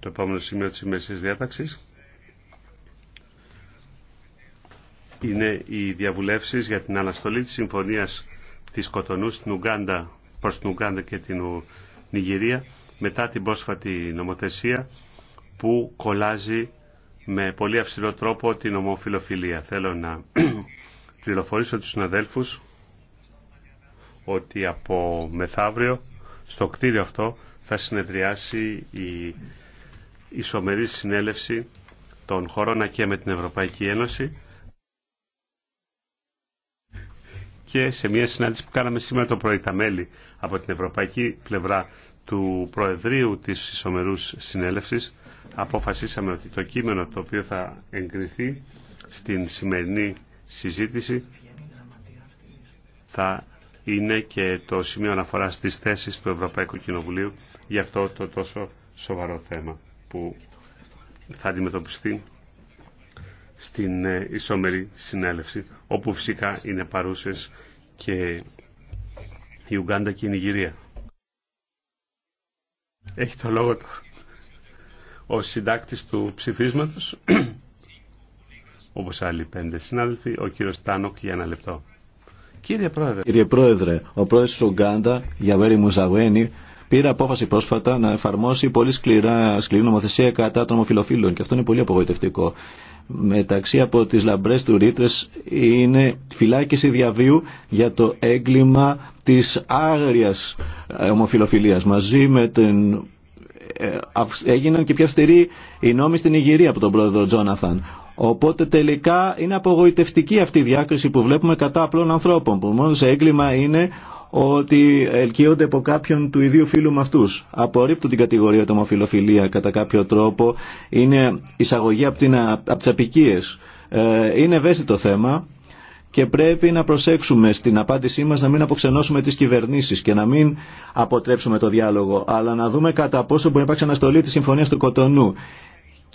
Το επόμενο σημείο της ημερησίας διάταξης είναι οι διαβουλεύσεις για την αναστολή της συμφωνίας της Κοτονού στην προς την Ουγκάντα και την Νιγηρία μετά την πρόσφατη νομοθεσία που κολλάζει με πολύ αυστηρό τρόπο την ομοφιλοφιλία. Θέλω να πληροφορήσω τους συναδέλφους ότι από μεθαύριο στο κτίριο αυτό θα συνεδριάσει η ισομερή συνέλευση των χωρών και με την Ευρωπαϊκή Ένωση και σε μια συνάντηση που κάναμε σήμερα το πρωί τα μέλη από την ευρωπαϊκή πλευρά του Προεδρείου της Ισομερούς Συνέλευσης αποφασίσαμε ότι το κείμενο το οποίο θα εγκριθεί στην σημερινή συζήτηση θα είναι και το σημείο αναφορά της θέσης του Ευρωπαϊκού Κοινοβουλίου για αυτό το τόσο σοβαρό θέμα που θα αντιμετωπιστεί στην ε, ισόμερη συνέλευση, όπου φυσικά είναι παρούσες και η Ουγγάντα και η Νιγηρία. Έχει το λόγο του ο συντάκτης του ψηφίσματος, όπως άλλοι πέντε συνάδελφοι, ο κύριος Τάνοκ για ένα λεπτό. Κύριε Πρόεδρε. Κύριε Πρόεδρε, ο πρόεδρος της Ουγγάντα, Γιαβέρη Μουζαβένη, πήρε απόφαση πρόσφατα να εφαρμόσει πολύ σκληρά, σκληρή νομοθεσία κατά των ομοφυλοφίλων και αυτό είναι πολύ απογοητευτικό. Μεταξύ από τις λαμπρές του ρήτρε είναι φυλάκιση διαβίου για το έγκλημα της άγριας ε, ομοφυλοφιλίας μαζί με την ε, έγιναν και πιο αυστηροί οι νόμοι στην Ιγυρία από τον πρόεδρο Τζόναθαν. Οπότε τελικά είναι απογοητευτική αυτή η διάκριση που βλέπουμε κατά απλών ανθρώπων που μόνο σε έγκλημα είναι ότι ελκύονται από κάποιον του ιδίου φίλου με αυτού. Απορρίπτουν την κατηγορία του κατά κάποιο τρόπο. Είναι εισαγωγή από, την, από τι απικίε. Ε, είναι ευαίσθητο θέμα και πρέπει να προσέξουμε στην απάντησή μας να μην αποξενώσουμε τις κυβερνήσεις και να μην αποτρέψουμε το διάλογο, αλλά να δούμε κατά πόσο μπορεί να υπάρξει αναστολή τη Συμφωνία του Κοτονού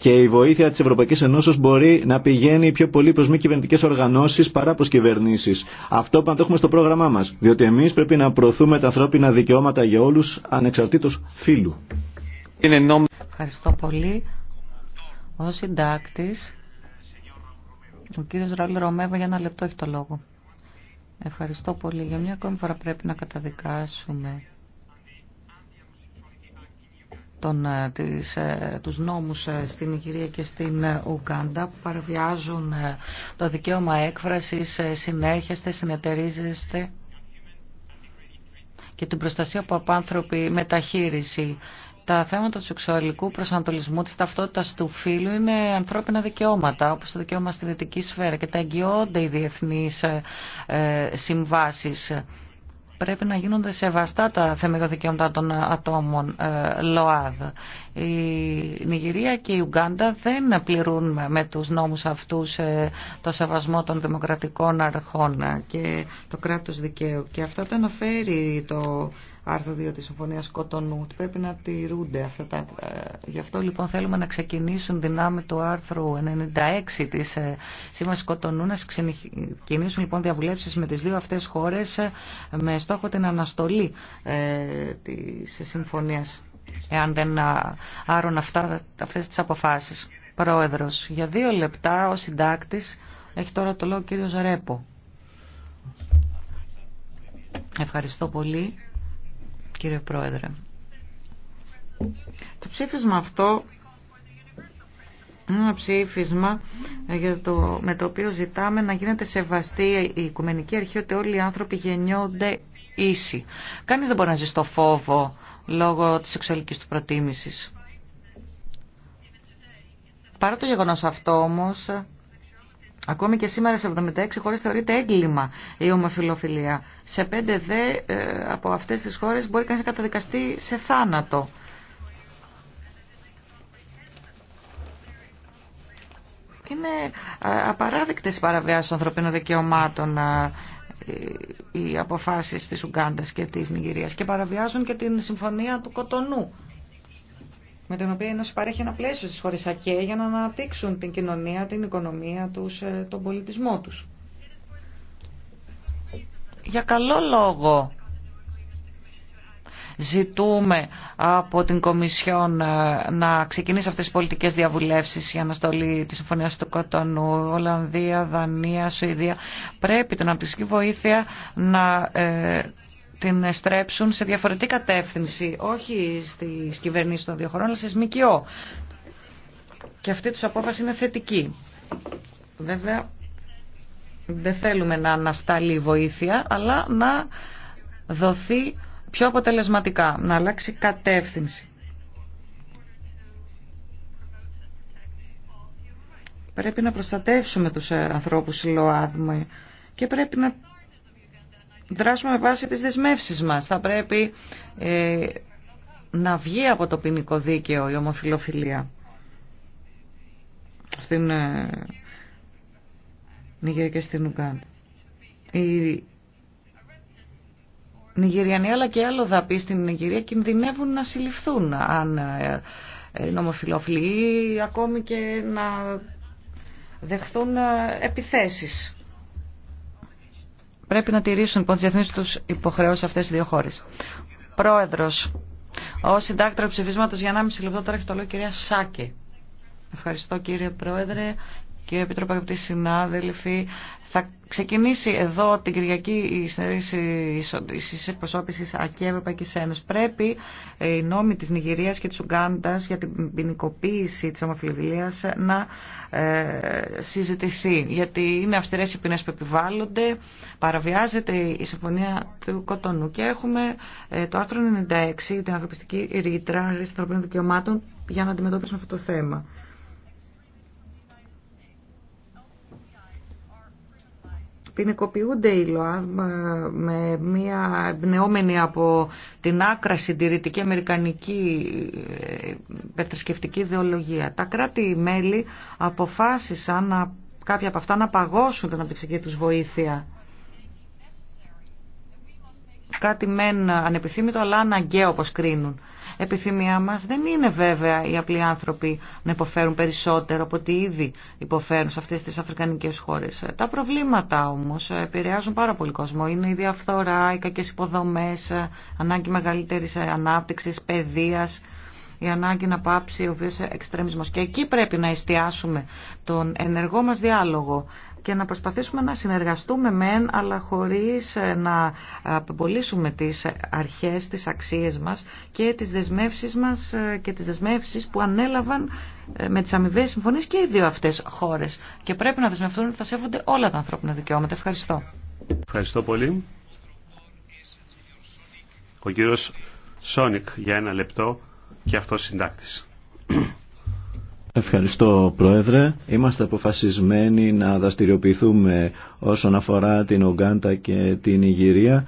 και η βοήθεια τη Ευρωπαϊκή Ενώση μπορεί να πηγαίνει πιο πολύ προ μη κυβερνητικέ οργανώσει παρά προ κυβερνήσει. Αυτό πάντα το έχουμε στο πρόγραμμά μα, διότι εμεί πρέπει να προωθούμε τα ανθρώπινα δικαιώματα για όλου ανεξαρτήτω φύλου. Ευχαριστώ πολύ. Ο συντάκτη, ο κύριο Ραούλ Ρωμέβα για ένα λεπτό έχει το λόγο. Ευχαριστώ πολύ. Για μια ακόμη φορά πρέπει να καταδικάσουμε των ε, τις, ε, τους νόμους ε, στην Ιγυρία και στην Ουγκάντα που παραβιάζουν το δικαίωμα έκφρασης, συνέρχεστε, συνεταιρίζεστε και την προστασία από απάνθρωπη μεταχείριση. Τα θέματα του σεξουαλικού προσανατολισμού, της ταυτότητας του φύλου είναι ανθρώπινα δικαιώματα, όπως το δικαίωμα στη δυτική σφαίρα και τα εγγυώνται οι διεθνείς συμβάσεις πρέπει να γίνονται σεβαστά τα θεμελιώδη δικαιώματα των ατόμων ε, ΛΟΑΔ. Η Νιγηρία και η Ουγγάντα δεν πληρούν με τους νόμους αυτούς ε, το σεβασμό των δημοκρατικών αρχών και το κράτος δικαίου. Και αυτά τα αναφέρει το άρθρο 2 της Συμφωνίας Κοτονού, πρέπει να τηρούνται αυτά τα... Ε, γι' αυτό λοιπόν θέλουμε να ξεκινήσουν δυνάμει του άρθρου 96 της Σύμβασης Κοτονού, να ξεκινήσουν λοιπόν διαβουλεύσεις με τις δύο αυτές χώρες με στόχο την αναστολή ε, της συμφωνίας, εάν δεν άρουν αυτά, αυτές τις αποφάσεις. Πρόεδρος, για δύο λεπτά ο συντάκτης έχει τώρα το λόγο ο Ζαρέπο. Ευχαριστώ πολύ, κύριε Πρόεδρε. Το ψήφισμα αυτό είναι ένα ψήφισμα ε, για το, με το οποίο ζητάμε να γίνεται σεβαστή η Οικουμενική Αρχή ότι όλοι οι άνθρωποι γεννιόνται ίση. Κανείς δεν μπορεί να ζει στο φόβο λόγω της σεξουαλικής του προτίμησης. Παρά το γεγονός αυτό όμως, ακόμη και σήμερα σε 76 χώρες θεωρείται έγκλημα η ομοφιλοφιλία. Σε 5 δε ε, από αυτές τις χώρες μπορεί κανείς να καταδικαστεί σε θάνατο. είναι ε, απαράδεκτες παραβιάσεις των ανθρωπίνων δικαιωμάτων ε, ε, οι αποφάσεις της Ουγκάντας και της Νιγηρίας και παραβιάζουν και την συμφωνία του Κοτονού με την οποία ενώ Ένωση παρέχει ένα πλαίσιο στις χώρες ΑΚΕ για να αναπτύξουν την κοινωνία, την οικονομία τους, ε, τον πολιτισμό τους. Για καλό λόγο Ζητούμε από την Κομισιόν ε, να ξεκινήσει αυτές τις πολιτικές διαβουλεύσεις για αναστολή της Συμφωνίας του Κοτονού, Ολλανδία, Δανία, Σουηδία. Πρέπει την αναπτυξική βοήθεια να ε, την στρέψουν σε διαφορετική κατεύθυνση, όχι στις κυβερνήσεις των δύο χωρών, αλλά σε ΣΜΚΙΟ. Και αυτή τους απόφαση είναι θετική. Βέβαια, δεν θέλουμε να ανασταλεί η βοήθεια, αλλά να δοθεί πιο αποτελεσματικά, να αλλάξει κατεύθυνση. Πρέπει να προστατεύσουμε τους ε, ανθρώπους ΛΟΑΔΜΕ και πρέπει να δράσουμε με βάση τις δεσμεύσεις μας. Θα πρέπει ε, να βγει από το ποινικό δίκαιο η ομοφιλοφιλία. Στην ε, και στην Ουγκάντα. Η Νιγηριανοί αλλά και άλλο δαπεί στην Νιγηρία κινδυνεύουν να συλληφθούν αν είναι ε, νομοφιλόφιλοι ή ακόμη και να δεχθούν ε, επιθέσεις. Πρέπει να τηρήσουν λοιπόν τις διεθνείς τους υποχρεώσεις αυτές οι δύο χώρες. Πρόεδρος, ο συντάκτρο ψηφίσματος για 1,5 λεπτό τώρα έχει το λόγο κυρία Σάκη. Ευχαριστώ κύριε Πρόεδρε, Κύριε Επίτροπε, αγαπητοί συνάδελφοι, θα ξεκινήσει εδώ την Κυριακή η συνέντευξη εκπροσώπηση ΑΚΕ Ευρωπαϊκή Ένωση. Πρέπει ε, οι νόμοι τη Νιγηρία και τη Ουγγάντα για την ποινικοποίηση τη ομοφιλοφιλία να ε, συζητηθεί. Γιατί είναι αυστηρέ οι ποινέ που επιβάλλονται, παραβιάζεται η συμφωνία του Κοτονού και έχουμε ε, το άρθρο 96, την ανθρωπιστική ρήτρα, ρήτρα ανθρωπίνων δικαιωμάτων, για να αντιμετώπισουμε αυτό το θέμα. ποινικοποιούνται οι με μια εμπνεόμενη από την άκρα συντηρητική αμερικανική ε, υπερθρησκευτική ιδεολογία. Τα κράτη-μέλη αποφάσισαν να, κάποια από αυτά να παγώσουν την αναπτυξική τους βοήθεια κάτι μεν ανεπιθύμητο αλλά αναγκαίο όπως κρίνουν. Επιθυμία μας δεν είναι βέβαια οι απλοί άνθρωποι να υποφέρουν περισσότερο από ό,τι ήδη υποφέρουν σε αυτές τις αφρικανικές χώρες. Τα προβλήματα όμως επηρεάζουν πάρα πολύ κόσμο. Είναι η διαφθορά, οι κακές υποδομές, ανάγκη μεγαλύτερης ανάπτυξης, παιδείας, η ανάγκη να πάψει ο βίος εξτρέμισμος. Και εκεί πρέπει να εστιάσουμε τον ενεργό μας διάλογο και να προσπαθήσουμε να συνεργαστούμε μεν, αλλά χωρίς ε, να απεμπολίσουμε τις αρχές, τις αξίες μας και τις δεσμεύσεις μας ε, και τις δεσμεύσεις που ανέλαβαν ε, με τις αμοιβές συμφωνίες και οι δύο αυτές χώρες. Και πρέπει να δεσμευτούν ότι θα σέβονται όλα τα ανθρώπινα δικαιώματα. Ευχαριστώ. Ευχαριστώ πολύ. Ο κύριος Σόνικ για ένα λεπτό και αυτός συντάκτης. Ευχαριστώ Πρόεδρε. Είμαστε αποφασισμένοι να δραστηριοποιηθούμε όσον αφορά την Ογκάντα και την Ιγυρία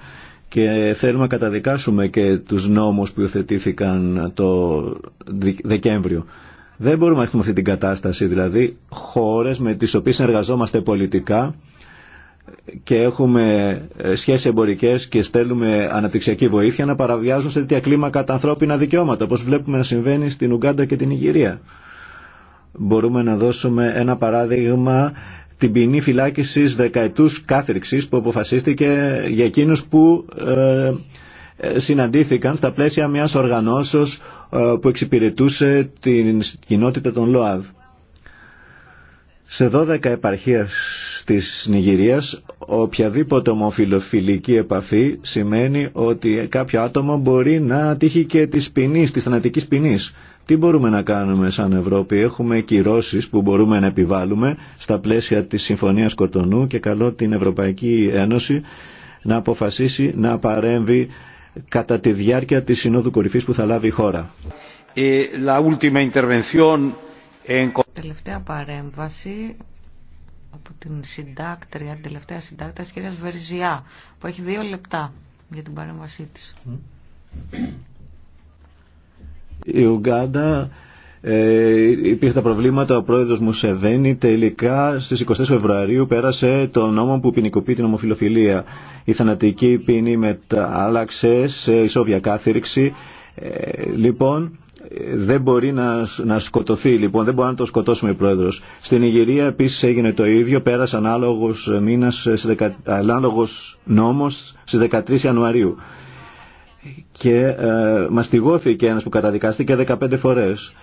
και θέλουμε να καταδικάσουμε και τους νόμους που υιοθετήθηκαν το Δεκέμβριο. Δεν μπορούμε να έχουμε αυτή την κατάσταση, δηλαδή χώρες με τις οποίες εργαζόμαστε πολιτικά και έχουμε ε, σχέσεις εμπορικές και στέλνουμε αναπτυξιακή βοήθεια να παραβιάζουν σε τέτοια κλίμακα τα ανθρώπινα δικαιώματα όπως βλέπουμε να συμβαίνει στην Ουγκάντα και την Ιγυρία. Μπορούμε να δώσουμε ένα παράδειγμα την ποινή φυλάκιση δεκαετούς κάθριξης που αποφασίστηκε για εκείνους που ε, ε, συναντήθηκαν στα πλαίσια μιας οργανώσεως που εξυπηρετούσε την κοινότητα των ΛΟΑΔ. Σε 12 επαρχίες της Νιγηρίας οποιαδήποτε ομοφιλοφιλική επαφή σημαίνει ότι κάποιο άτομο μπορεί να τύχει και της ποινή, της θανατικής ποινής. Τι μπορούμε να κάνουμε σαν Ευρώπη, έχουμε κυρώσει που μπορούμε να επιβάλλουμε στα πλαίσια της Συμφωνίας Κοτονού και καλό την Ευρωπαϊκή Ένωση να αποφασίσει να παρέμβει κατά τη διάρκεια της Συνόδου Κορυφής που θα λάβει η χώρα. Ε, Τελευταία παρέμβαση από την συντάκτρια, την τελευταία συντάκτρια της κυρίας Βερζιά, που έχει δύο λεπτά για την παρέμβασή της. Η Ουγγάντα ε, υπήρχε τα προβλήματα, ο πρόεδρος Μουσεβένη τελικά στις 24 Φεβρουαρίου πέρασε το νόμο που ποινικοποιεί την ομοφιλοφιλία. Η θανατική ποινή μετάλλαξε σε ισόβια κάθυρξη. Ε, λοιπόν, δεν μπορεί να, να σκοτωθεί λοιπόν, δεν μπορεί να το σκοτώσουμε η πρόεδρος. Στην Ιγυρία επίσης έγινε το ίδιο, πέρασε ανάλογος, μήνας, ανάλογος νόμος στις 13 Ιανουαρίου και ε, μαστιγώθηκε ένας που καταδικάστηκε 15 φορές.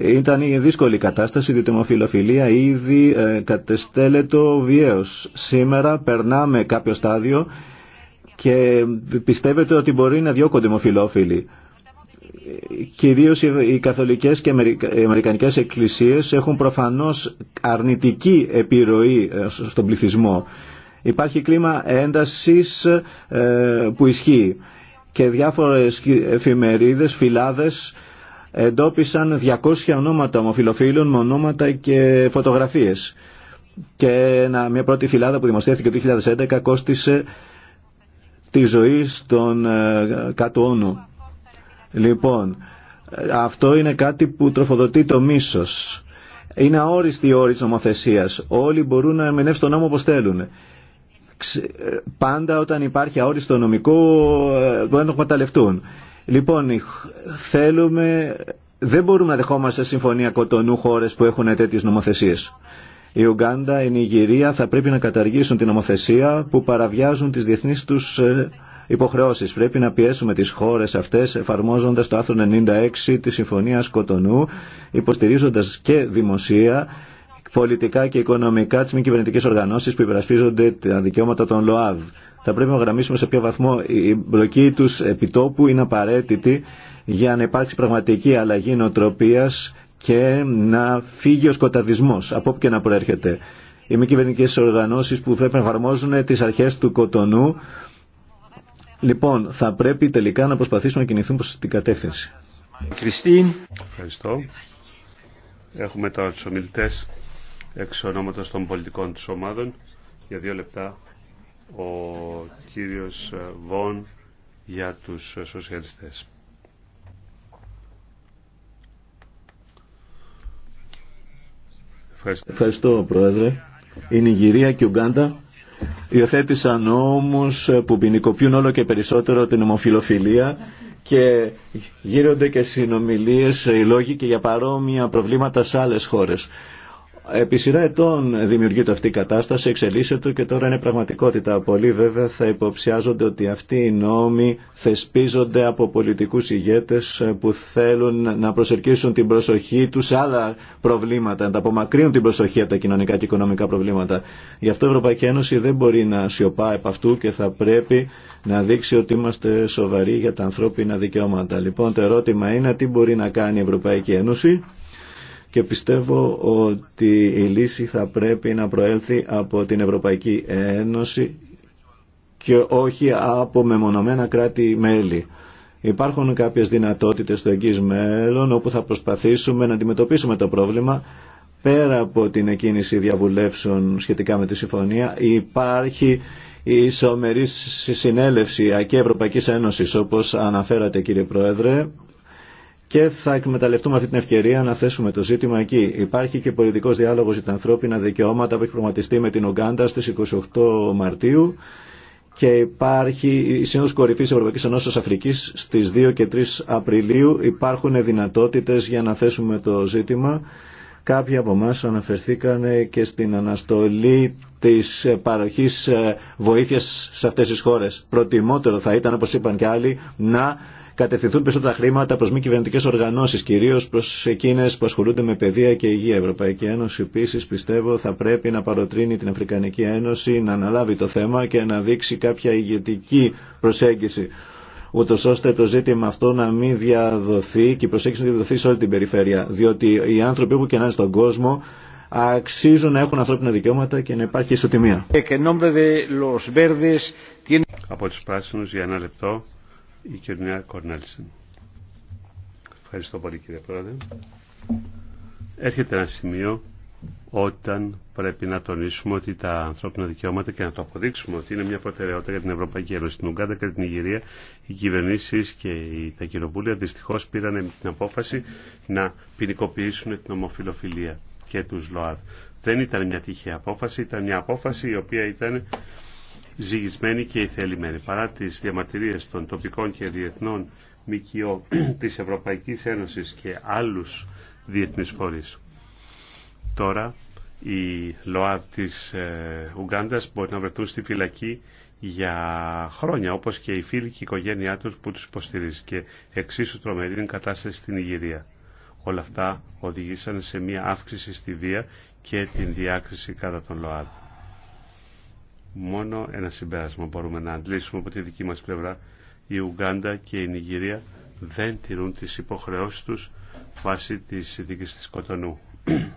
Ήταν η δύσκολη κατάσταση, η δημοφιλοφιλία ήδη ε, κατεστέλετο βιαίως. Σήμερα περνάμε κάποιο στάδιο και πιστεύετε ότι μπορεί να διώκονται δημοφιλόφιλοι κυρίως οι καθολικές και οι αμερικανικές εκκλησίες έχουν προφανώς αρνητική επιρροή ε, στον πληθυσμό. Υπάρχει κλίμα έντασης ε, που ισχύει και διάφορες εφημερίδες, φυλάδες εντόπισαν 200 ονόματα ομοφιλοφίλων με ονόματα και φωτογραφίες. Και μια πρώτη φυλάδα που δημοσιεύθηκε το 2011 κόστισε τη ζωή στον ε, κάτω Λοιπόν, αυτό είναι κάτι που τροφοδοτεί το μίσος. Είναι αόριστη η όρη της νομοθεσίας. Όλοι μπορούν να εμενεύσουν τον νόμο όπως θέλουν. Ε, πάντα όταν υπάρχει αόριστο νομικό ε, μπορεί να το εκμεταλλευτούν. Λοιπόν, θέλουμε, δεν μπορούμε να δεχόμαστε συμφωνία κοτονού χώρες που έχουν τέτοιες νομοθεσίες. Η Ουγγάντα, η Νιγηρία θα πρέπει να καταργήσουν την νομοθεσία που παραβιάζουν τις διεθνείς τους ε, υποχρεώσεις. Πρέπει να πιέσουμε τις χώρες αυτές εφαρμόζοντας το άθρο 96 της Συμφωνίας Κοτονού, υποστηρίζοντας και δημοσία πολιτικά και οικονομικά τις μη κυβερνητικές οργανώσεις που υπερασπίζονται τα δικαιώματα των ΛΟΑΔ. Θα πρέπει να γραμμίσουμε σε ποιο βαθμό η μπλοκή τους επιτόπου είναι απαραίτητη για να υπάρξει πραγματική αλλαγή νοοτροπίας και να φύγει ο σκοταδισμός από όπου και να προέρχεται. Οι μη κυβερνητικέ οργανώσεις που πρέπει να εφαρμόζουν τις αρχές του Κοτονού Λοιπόν, θα πρέπει τελικά να προσπαθήσουμε να κινηθούμε προς την κατεύθυνση. Κριστίν. Ευχαριστώ. Έχουμε τώρα τους ομιλητές εξ ονόματος των πολιτικών τους ομάδων. Για δύο λεπτά ο κύριος Βον για τους σοσιαλιστές. Ευχαριστώ. Ευχαριστώ, Πρόεδρε. Η Νιγηρία και η Ουγγάντα Υιοθέτησαν νόμους που ποινικοποιούν όλο και περισσότερο την ομοφιλοφιλία και γύρονται και συνομιλίες, οι λόγοι και για παρόμοια προβλήματα σε άλλες χώρες. Επί σειρά ετών δημιουργείται αυτή η κατάσταση, εξελίσσεται και τώρα είναι πραγματικότητα. Πολλοί βέβαια θα υποψιάζονται ότι αυτοί οι νόμοι θεσπίζονται από πολιτικού ηγέτε που θέλουν να προσερκίσουν την προσοχή του σε άλλα προβλήματα, να τα απομακρύνουν την προσοχή από τα κοινωνικά και οικονομικά προβλήματα. Γι' αυτό η Ευρωπαϊκή Ένωση δεν μπορεί να σιωπά επ' αυτού και θα πρέπει να δείξει ότι είμαστε σοβαροί για τα ανθρώπινα δικαιώματα. Λοιπόν, το ερώτημα είναι τι μπορεί να κάνει η Ευρωπαϊκή Ένωση και πιστεύω ότι η λύση θα πρέπει να προέλθει από την Ευρωπαϊκή Ένωση και όχι από μεμονωμένα κράτη-μέλη. Υπάρχουν κάποιες δυνατότητες στο εγγύς μέλλον όπου θα προσπαθήσουμε να αντιμετωπίσουμε το πρόβλημα πέρα από την εκκίνηση διαβουλεύσεων σχετικά με τη συμφωνία υπάρχει η ισομερή συνέλευση ΑΚΕ Ευρωπαϊκής Ένωσης όπως αναφέρατε κύριε Πρόεδρε και θα εκμεταλλευτούμε αυτή την ευκαιρία να θέσουμε το ζήτημα εκεί. Υπάρχει και πολιτικός διάλογος για τα ανθρώπινα δικαιώματα που έχει προγραμματιστεί με την Ογκάντα στις 28 Μαρτίου και υπάρχει η Σύνοδος Κορυφής Ευρωπαϊκής Ενώσης Αφρικής στις 2 και 3 Απριλίου. Υπάρχουν δυνατότητες για να θέσουμε το ζήτημα. Κάποιοι από εμά αναφερθήκαν και στην αναστολή της παροχής ε, βοήθειας σε αυτές τις χώρες. Προτιμότερο θα ήταν, όπως είπαν και άλλοι, να κατευθυνθούν περισσότερα χρήματα προ μη κυβερνητικέ οργανώσει, κυρίω προ εκείνε που ασχολούνται με παιδεία και υγεία. Η Ευρωπαϊκή Ένωση επίση πιστεύω θα πρέπει να παροτρύνει την Αφρικανική Ένωση να αναλάβει το θέμα και να δείξει κάποια ηγετική προσέγγιση ούτω ώστε το ζήτημα αυτό να μην διαδοθεί και η προσέγγιση να διαδοθεί σε όλη την περιφέρεια. Διότι οι άνθρωποι που και στον κόσμο αξίζουν να έχουν ανθρώπινα δικαιώματα και να υπάρχει ισοτιμία. Από τους πράσινους για ένα λεπτό η κυρία Κορνέλσεν. Ευχαριστώ πολύ κύριε Πρόεδρε. Έρχεται ένα σημείο όταν πρέπει να τονίσουμε ότι τα ανθρώπινα δικαιώματα και να το αποδείξουμε ότι είναι μια προτεραιότητα για την Ευρωπαϊκή Ένωση. Στην Ουγγάντα και την Ιγυρία οι κυβερνήσει και τα κοινοβούλια δυστυχώ πήραν την απόφαση να ποινικοποιήσουν την ομοφιλοφιλία και του ΛΟΑΔ. Δεν ήταν μια τυχαία απόφαση, ήταν μια απόφαση η οποία ήταν ζυγισμένη και ηθελημένη. Παρά τις διαμαρτυρίες των τοπικών και διεθνών ΜΚΟ της Ευρωπαϊκής Ένωσης και άλλους διεθνείς φορείς. Τώρα οι ΛΟΑΔ της ε, Ουγκάντας μπορεί να βρεθούν στη φυλακή για χρόνια, όπως και οι φίλοι και η οικογένειά τους που τους υποστηρίζει και εξίσου τρομερή είναι κατάσταση στην Ιγυρία. Όλα αυτά οδηγήσαν σε μια αύξηση στη βία και την διάκριση κατά τον ΛΟΑΔ μόνο ένα συμπέρασμα μπορούμε να αντλήσουμε από τη δική μας πλευρά. Η Ουγγάντα και η Νιγηρία δεν τηρούν τις υποχρεώσεις τους βάσει της συνθήκη της Κοτονού.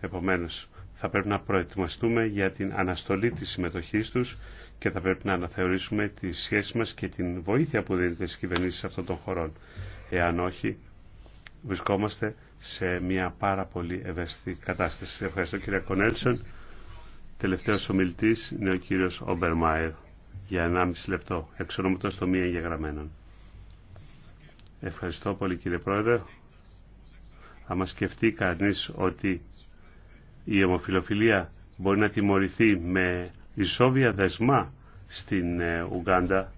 Επομένως, θα πρέπει να προετοιμαστούμε για την αναστολή της συμμετοχής τους και θα πρέπει να αναθεωρήσουμε τη σχέση μας και την βοήθεια που δίνεται στις κυβερνήσεις αυτών των χωρών. Εάν όχι, βρισκόμαστε σε μια πάρα πολύ ευαίσθητη κατάσταση. Ευχαριστώ κύριε Κονέλσον. Τελευταίος ομιλητής είναι ο κύριος Ομπερμάιρ για 1,5 λεπτό, εξ ονόματος τομή μη Ευχαριστώ πολύ κύριε Πρόεδρε. Αν σκεφτεί κανείς ότι η ομοφιλοφιλία μπορεί να τιμωρηθεί με ισόβια δεσμά στην ε, Ουγγάντα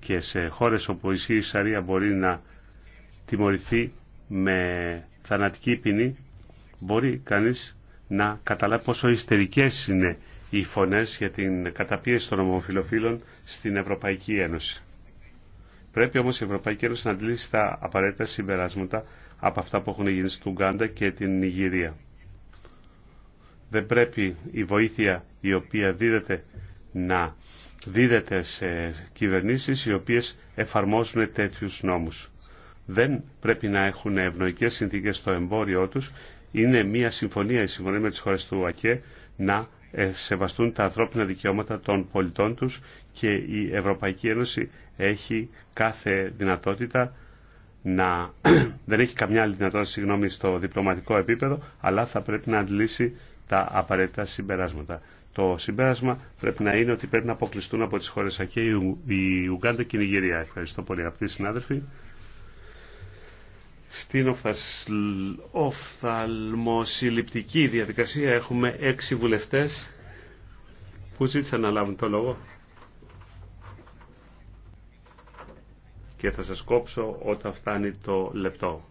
και σε χώρες όπου η Σαρία μπορεί να τιμωρηθεί με θανατική ποινή, μπορεί κανείς να καταλάβει πόσο ιστερικές είναι οι φωνές για την καταπίεση των ομοφιλοφίλων στην Ευρωπαϊκή Ένωση. Πρέπει όμως η Ευρωπαϊκή Ένωση να αντλήσει τα απαραίτητα συμπεράσματα από αυτά που έχουν γίνει στην Ουγγάντα και την Νιγηρία. Δεν πρέπει η βοήθεια η οποία δίδεται να δίδεται σε κυβερνήσεις οι οποίες εφαρμόζουν τέτοιους νόμους. Δεν πρέπει να έχουν ευνοϊκές συνθήκες στο εμπόριό τους είναι μια συμφωνία, η συμφωνία με τις χώρες του ΟΑΚΕ, να ε, σεβαστούν τα ανθρώπινα δικαιώματα των πολιτών τους και η Ευρωπαϊκή Ένωση έχει κάθε δυνατότητα να δεν έχει καμιά άλλη δυνατότητα συγγνώμη στο διπλωματικό επίπεδο αλλά θα πρέπει να αντλήσει τα απαραίτητα συμπεράσματα. Το συμπέρασμα πρέπει να είναι ότι πρέπει να αποκλειστούν από τις χώρες ΑΚΕ η Ουγγάντα και η Νιγηρία. Ευχαριστώ πολύ αγαπητοί συνάδελφοι. Στην οφθαλμοσυλληπτική διαδικασία έχουμε έξι βουλευτές που ζήτησαν να λάβουν το λόγο. Και θα σας κόψω όταν φτάνει το λεπτό.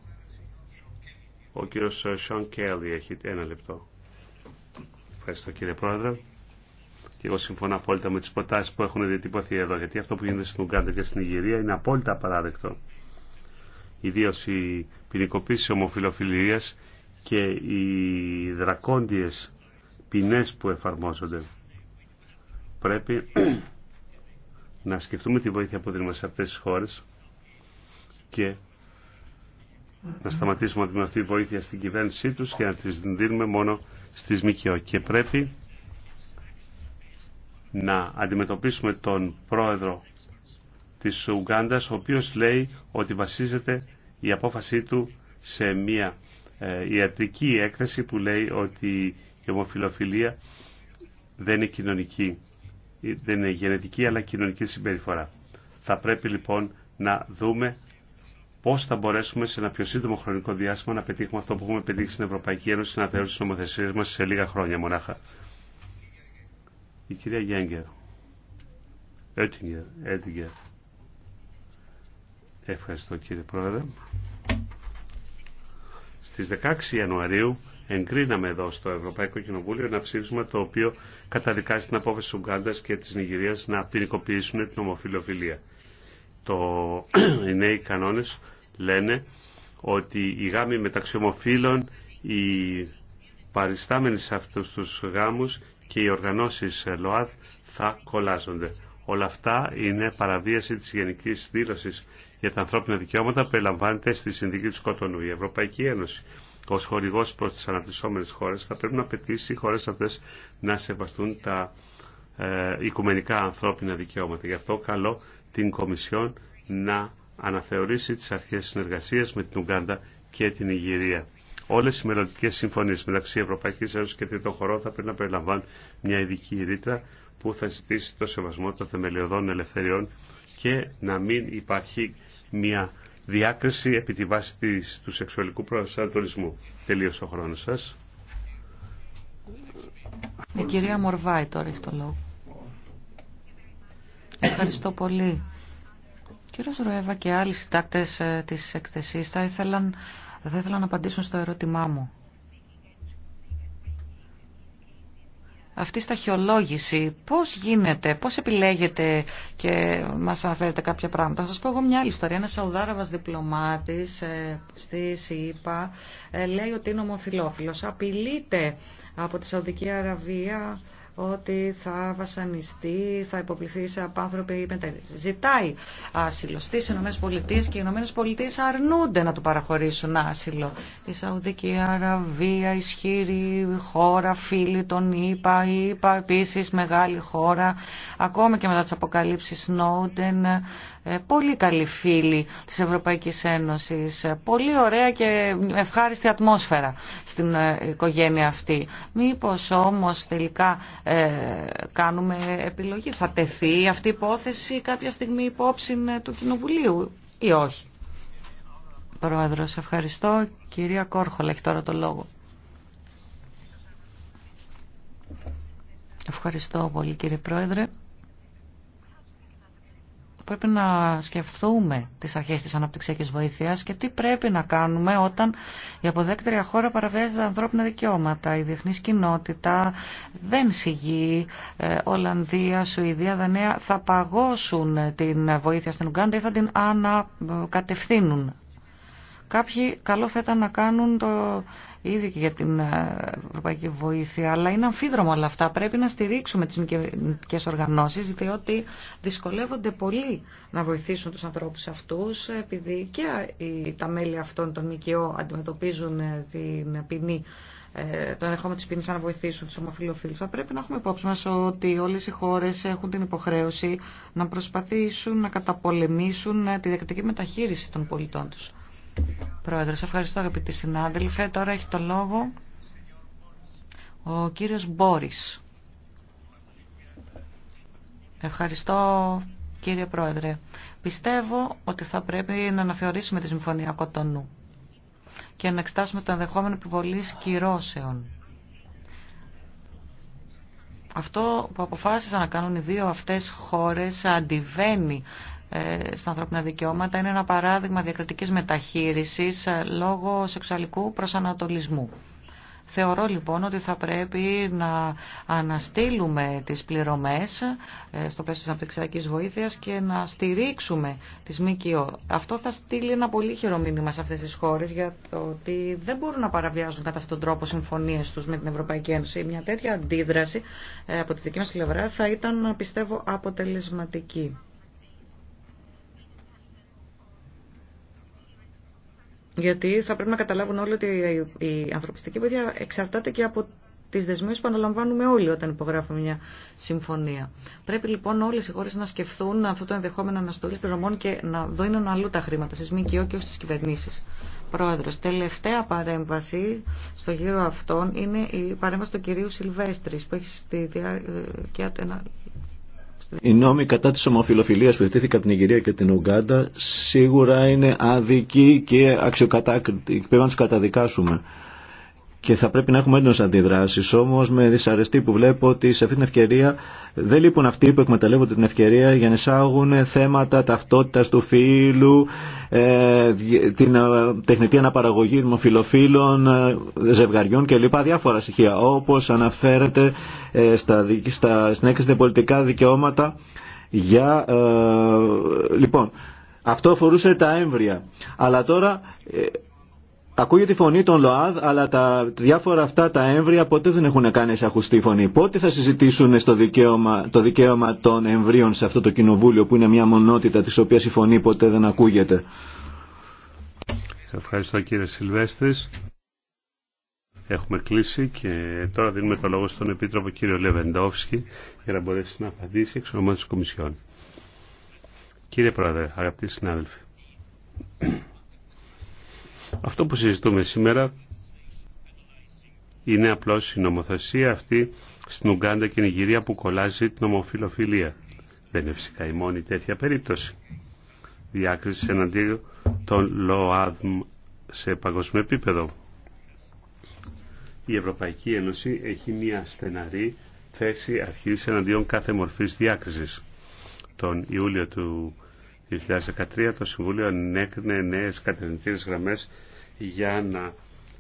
Ο κύριος Σον Κέλλη έχει ένα λεπτό. Ευχαριστώ κύριε Πρόεδρε. Και εγώ συμφωνώ απόλυτα με τις προτάσεις που έχουν διατυπωθεί εδώ, γιατί αυτό που γίνεται στην Ουγγάντα και στην Ιγυρία είναι απόλυτα απαράδεκτο. Ιδίω η ποινικοποίηση ομοφιλοφιλίας και οι δρακόντιες ποινέ που εφαρμόζονται. Πρέπει να σκεφτούμε τη βοήθεια που δίνουμε σε αυτέ τι χώρες και να σταματήσουμε να αυτή τη βοήθεια στην κυβέρνησή τους και να τη δίνουμε μόνο στις ΜΚΟ. Και πρέπει να αντιμετωπίσουμε τον πρόεδρο της Ουγγάντας, ο οποίος λέει ότι βασίζεται η απόφασή του σε μια ε, ιατρική έκθεση που λέει ότι η ομοφιλοφιλία δεν είναι κοινωνική, ε, δεν είναι γενετική αλλά κοινωνική συμπεριφορά. Θα πρέπει λοιπόν να δούμε πώς θα μπορέσουμε σε ένα πιο σύντομο χρονικό διάστημα να πετύχουμε αυτό που έχουμε πετύχει στην Ευρωπαϊκή Ένωση να θεωρήσουμε τι νομοθεσίες μα σε λίγα χρόνια μονάχα. Η κυρία Γέγκερ. Ευχαριστώ κύριε Πρόεδρε. Στις 16 Ιανουαρίου εγκρίναμε εδώ στο Ευρωπαϊκό Κοινοβούλιο ένα ψήφισμα το οποίο καταδικάζει την απόφαση της Ουγγάντας και της Νιγηρίας να ποινικοποιήσουν την ομοφιλοφιλία. Το... Οι νέοι κανόνες λένε ότι οι γάμοι μεταξύ ομοφύλων, οι παριστάμενοι σε αυτούς τους γάμους και οι οργανώσεις ΛΟΑΔ θα κολλάζονται. Όλα αυτά είναι παραβίαση της γενικής δήλωσης για τα ανθρώπινα δικαιώματα περιλαμβάνεται στη Συνδική του Κοτονού. Η Ευρωπαϊκή Ένωση ω χορηγό προ τι αναπτυσσόμενε χώρε θα πρέπει να απαιτήσει οι χώρε αυτέ να σεβαστούν τα ε, οικουμενικά ανθρώπινα δικαιώματα. Γι' αυτό καλώ την Κομισιόν να αναθεωρήσει τι αρχέ συνεργασία με την Ουγγάντα και την Ιγυρία. Όλε οι μελλοντικέ συμφωνίε μεταξύ Ευρωπαϊκή Ένωση και τρίτων χωρών θα πρέπει να περιλαμβάνουν μια ειδική ρήτρα που θα ζητήσει το σεβασμό των θεμελιωδών ελευθεριών και να μην υπάρχει μια διάκριση επί τη βάση του σεξουαλικού προσανατολισμού. Τελείωσε ο χρόνος σας. Η κυρία Μορβάη τώρα έχει το λόγο. Ευχαριστώ πολύ. Κύριος Ροέβα και άλλοι συντάκτες ε, της εκθεσής θα ήθελαν, θα ήθελαν να απαντήσουν στο ερώτημά μου. αυτή η σταχυολόγηση, πώς γίνεται, πώς επιλέγετε και μας αναφέρετε κάποια πράγματα. Θα σας πω εγώ μια άλλη ιστορία. Ένας Σαουδάραβας διπλωμάτης ε, στη ΣΥΠΑ ε, λέει ότι είναι ομοφιλόφιλος. Απειλείται από τη Σαουδική Αραβία ότι θα βασανιστεί, θα υποπληθεί σε απάνθρωπη μετέλεση. Ζητάει άσυλο στι ΗΠΑ και οι ΗΠΑ αρνούνται να του παραχωρήσουν άσυλο. Η Σαουδική Αραβία, ισχυρή χώρα, φίλη των ΗΠΑ, η ΗΠΑ επίση μεγάλη χώρα, ακόμα και μετά τι αποκαλύψει Νόντεν πολύ καλή φίλη της Ευρωπαϊκής Ένωσης, ε, πολύ ωραία και ευχάριστη ατμόσφαιρα στην ε, οικογένεια αυτή. Μήπως όμως τελικά ε, κάνουμε επιλογή. Θα τεθεί αυτή η υπόθεση κάποια στιγμή υπόψη ε, του Κοινοβουλίου ή όχι. Πρόεδρος, ευχαριστώ. Κυρία Κόρχολα, έχει τώρα το λόγο. Ευχαριστώ πολύ κύριε Πρόεδρε πρέπει να σκεφτούμε τις αρχές της αναπτυξιακής βοήθειας και τι πρέπει να κάνουμε όταν η αποδέκτρια χώρα παραβιάζει τα ανθρώπινα δικαιώματα. Η διεθνής κοινότητα δεν συγγεί. Ε, Ολλανδία, Σουηδία, Δανία θα παγώσουν την βοήθεια στην Ουγγάντα ή θα την ανακατευθύνουν Κάποιοι καλό θα ήταν να κάνουν το ίδιο και για την ε, ευρωπαϊκή βοήθεια, αλλά είναι αμφίδρομο όλα αυτά. Πρέπει να στηρίξουμε τις μικρές οργανώσεις, διότι δυσκολεύονται πολύ να βοηθήσουν τους ανθρώπους αυτούς, επειδή και τα μέλη αυτών των ΜΚΟ αντιμετωπίζουν ε, την ποινή ε, το ενδεχόμενο τη ποινή να βοηθήσουν του ομοφυλοφίλου. Θα πρέπει να έχουμε υπόψη μα ότι όλε οι χώρε έχουν την υποχρέωση να προσπαθήσουν να καταπολεμήσουν τη διακριτική μεταχείριση των πολιτών του. Πρόεδρος, ευχαριστώ αγαπητοί συνάδελφε. Τώρα έχει το λόγο ο κύριος Μπόρις. Ευχαριστώ κύριε Πρόεδρε. Πιστεύω ότι θα πρέπει να αναθεωρήσουμε τη Συμφωνία Κοτονού και να εξετάσουμε το ενδεχόμενο επιβολή κυρώσεων. Αυτό που αποφάσισαν να κάνουν οι δύο αυτές χώρες αντιβαίνει ε, στα ανθρώπινα δικαιώματα είναι ένα παράδειγμα διακριτικής μεταχείρισης ε, λόγω σεξουαλικού προσανατολισμού. Θεωρώ λοιπόν ότι θα πρέπει να αναστείλουμε τις πληρωμές ε, στο πλαίσιο της αναπτυξιακής βοήθειας και να στηρίξουμε τις ΜΚΟ. Αυτό θα στείλει ένα πολύ χειρό μήνυμα σε αυτές τις χώρες γιατί δεν μπορούν να παραβιάζουν κατά αυτόν τον τρόπο συμφωνίες τους με την Ευρωπαϊκή Ένωση. Μια τέτοια αντίδραση από τη δική μας πλευρά θα ήταν πιστεύω αποτελεσματική. Γιατί θα πρέπει να καταλάβουν όλοι ότι η ανθρωπιστική βοήθεια εξαρτάται και από τι δεσμεύσει που αναλαμβάνουμε όλοι όταν υπογράφουμε μια συμφωνία. Πρέπει λοιπόν όλε οι χώρε να σκεφτούν αυτό το ενδεχόμενο αναστολή πληρωμών και να δίνουν αλλού τα χρήματα στι ΜΚΟ και στι κυβερνήσει. Πρόεδρο, τελευταία παρέμβαση στο γύρο αυτών είναι η παρέμβαση του κυρίου Σιλβέστρη που έχει στη διάρκεια οι νόμοι κατά της ομοφιλοφιλίας που θετήθηκαν από την Ιγυρία και την Ουγγάντα σίγουρα είναι αδικοί και αξιοκατάκριτοι. Πρέπει να τους καταδικάσουμε και θα πρέπει να έχουμε έντονε αντιδράσει. Όμω με δυσαρεστή που βλέπω ότι σε αυτή την ευκαιρία δεν λείπουν αυτοί που εκμεταλλεύονται την ευκαιρία για να εισάγουν θέματα ταυτότητα του φίλου, ε, την ε, τεχνητή αναπαραγωγή δημοφιλοφίλων, ε, ζευγαριών κλπ. Διάφορα στοιχεία. Όπω αναφέρεται στα, στα, στην έκθεση πολιτικά δικαιώματα για. λοιπόν, αυτό αφορούσε τα έμβρια. Αλλά τώρα Ακούγεται η φωνή των ΛΟΑΔ, αλλά τα διάφορα αυτά τα έμβρια ποτέ δεν έχουν κάνει ακούστη φωνή. Πότε θα συζητήσουν στο δικαίωμα, το δικαίωμα των εμβρίων σε αυτό το κοινοβούλιο που είναι μια μονότητα της οποίας η φωνή ποτέ δεν ακούγεται. Ευχαριστώ κύριε Σιλβέστης. Έχουμε κλείσει και τώρα δίνουμε το λόγο στον Επίτροπο κύριο Λεβεντόφσκι για να μπορέσει να απαντήσει εξ ονομάτων της Κομισιόν. Κύριε Πρόεδρε, αγαπητοί συνάδελφοι. Αυτό που συζητούμε σήμερα είναι απλώς η νομοθεσία αυτή στην Ουγγάντα και Νιγηρία που κολλάζει την ομοφιλοφιλία. Δεν είναι φυσικά η μόνη τέτοια περίπτωση. Διάκριση εναντίον των ΛΟΑΔΜ σε παγκόσμιο επίπεδο. Η Ευρωπαϊκή Ένωση έχει μια στεναρή θέση αρχής εναντίον κάθε μορφής διάκρισης. Τον Ιούλιο του 2013 το Συμβούλιο ανέκρινε νέες κατευθυντήρες γραμμές για να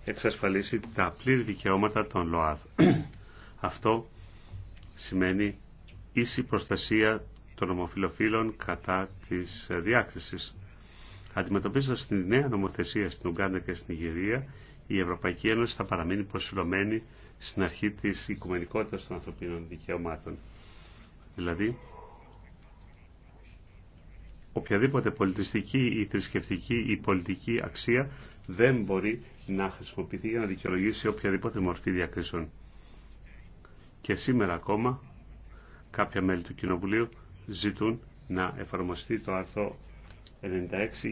εξασφαλίσει τα πλήρη δικαιώματα των ΛΟΑΔ. Αυτό σημαίνει ίση προστασία των ομοφιλοφίλων κατά της ε, διάκρισης. Αντιμετωπίζοντας την νέα νομοθεσία στην Ουγγάντα και στην Ιγυρία, η Ευρωπαϊκή Ένωση θα παραμείνει προσφυλωμένη στην αρχή της οικουμενικότητας των ανθρωπίνων δικαιωμάτων. Δηλαδή, οποιαδήποτε πολιτιστική ή θρησκευτική ή πολιτική αξία δεν μπορεί να χρησιμοποιηθεί για να δικαιολογήσει οποιαδήποτε μορφή διακρίσεων. Και σήμερα ακόμα κάποια μέλη του Κοινοβουλίου ζητούν να εφαρμοστεί το άρθρο 96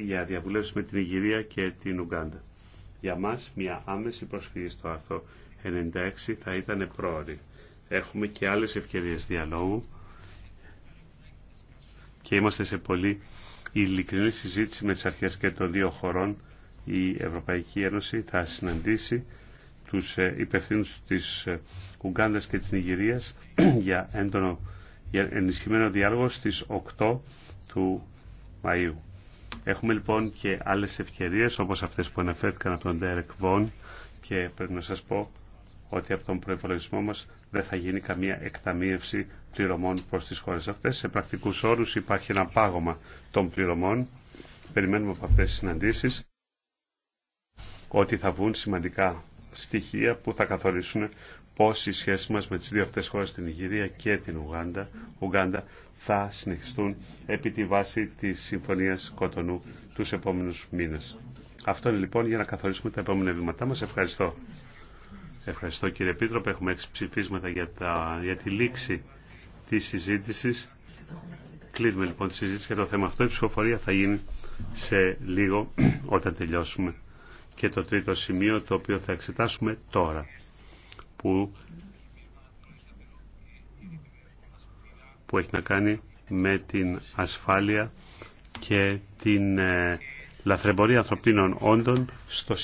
για διαβουλεύσεις με την Ιγυρία και την Ουγγάντα. Για μας μια άμεση προσφυγή στο άρθρο 96 θα ήταν πρόορη. Έχουμε και άλλες ευκαιρίες διαλόγου και είμαστε σε πολύ ειλικρινή συζήτηση με τις αρχές και των δύο χωρών η Ευρωπαϊκή Ένωση θα συναντήσει τους ε, υπευθύνους της ε, Ουγκάντας και της Νιγηρίας για, έντονο, ενισχυμένο διάλογο στις 8 του Μαΐου. Έχουμε λοιπόν και άλλες ευκαιρίες όπως αυτές που αναφέρθηκαν από τον Derek Vaughan και πρέπει να σας πω ότι από τον προϋπολογισμό μας δεν θα γίνει καμία εκταμείευση πληρωμών προς τις χώρες αυτές. Σε πρακτικούς όρους υπάρχει ένα πάγωμα των πληρωμών. Περιμένουμε από αυτές τις συναντήσεις ότι θα βγουν σημαντικά στοιχεία που θα καθορίσουν πώς οι σχέσεις μας με τις δύο αυτές χώρες, την Ιγυρία και την Ουγάντα, Ουγάντα θα συνεχιστούν επί τη βάση της Συμφωνίας Κοτονού τους επόμενους μήνες. Αυτό είναι λοιπόν για να καθορίσουμε τα επόμενα βήματά μας. Ευχαριστώ. Ευχαριστώ κύριε Πίτροπε. Έχουμε έξι ψηφίσματα για, τα, για τη λήξη της συζήτησης. Κλείνουμε λοιπόν τη συζήτηση για το θέμα αυτό. Η ψηφοφορία θα γίνει σε λίγο όταν τελειώσουμε και το τρίτο σημείο το οποίο θα εξετάσουμε τώρα που, που έχει να κάνει με την ασφάλεια και την ε, λαθρεμπορία ανθρωπίνων όντων στο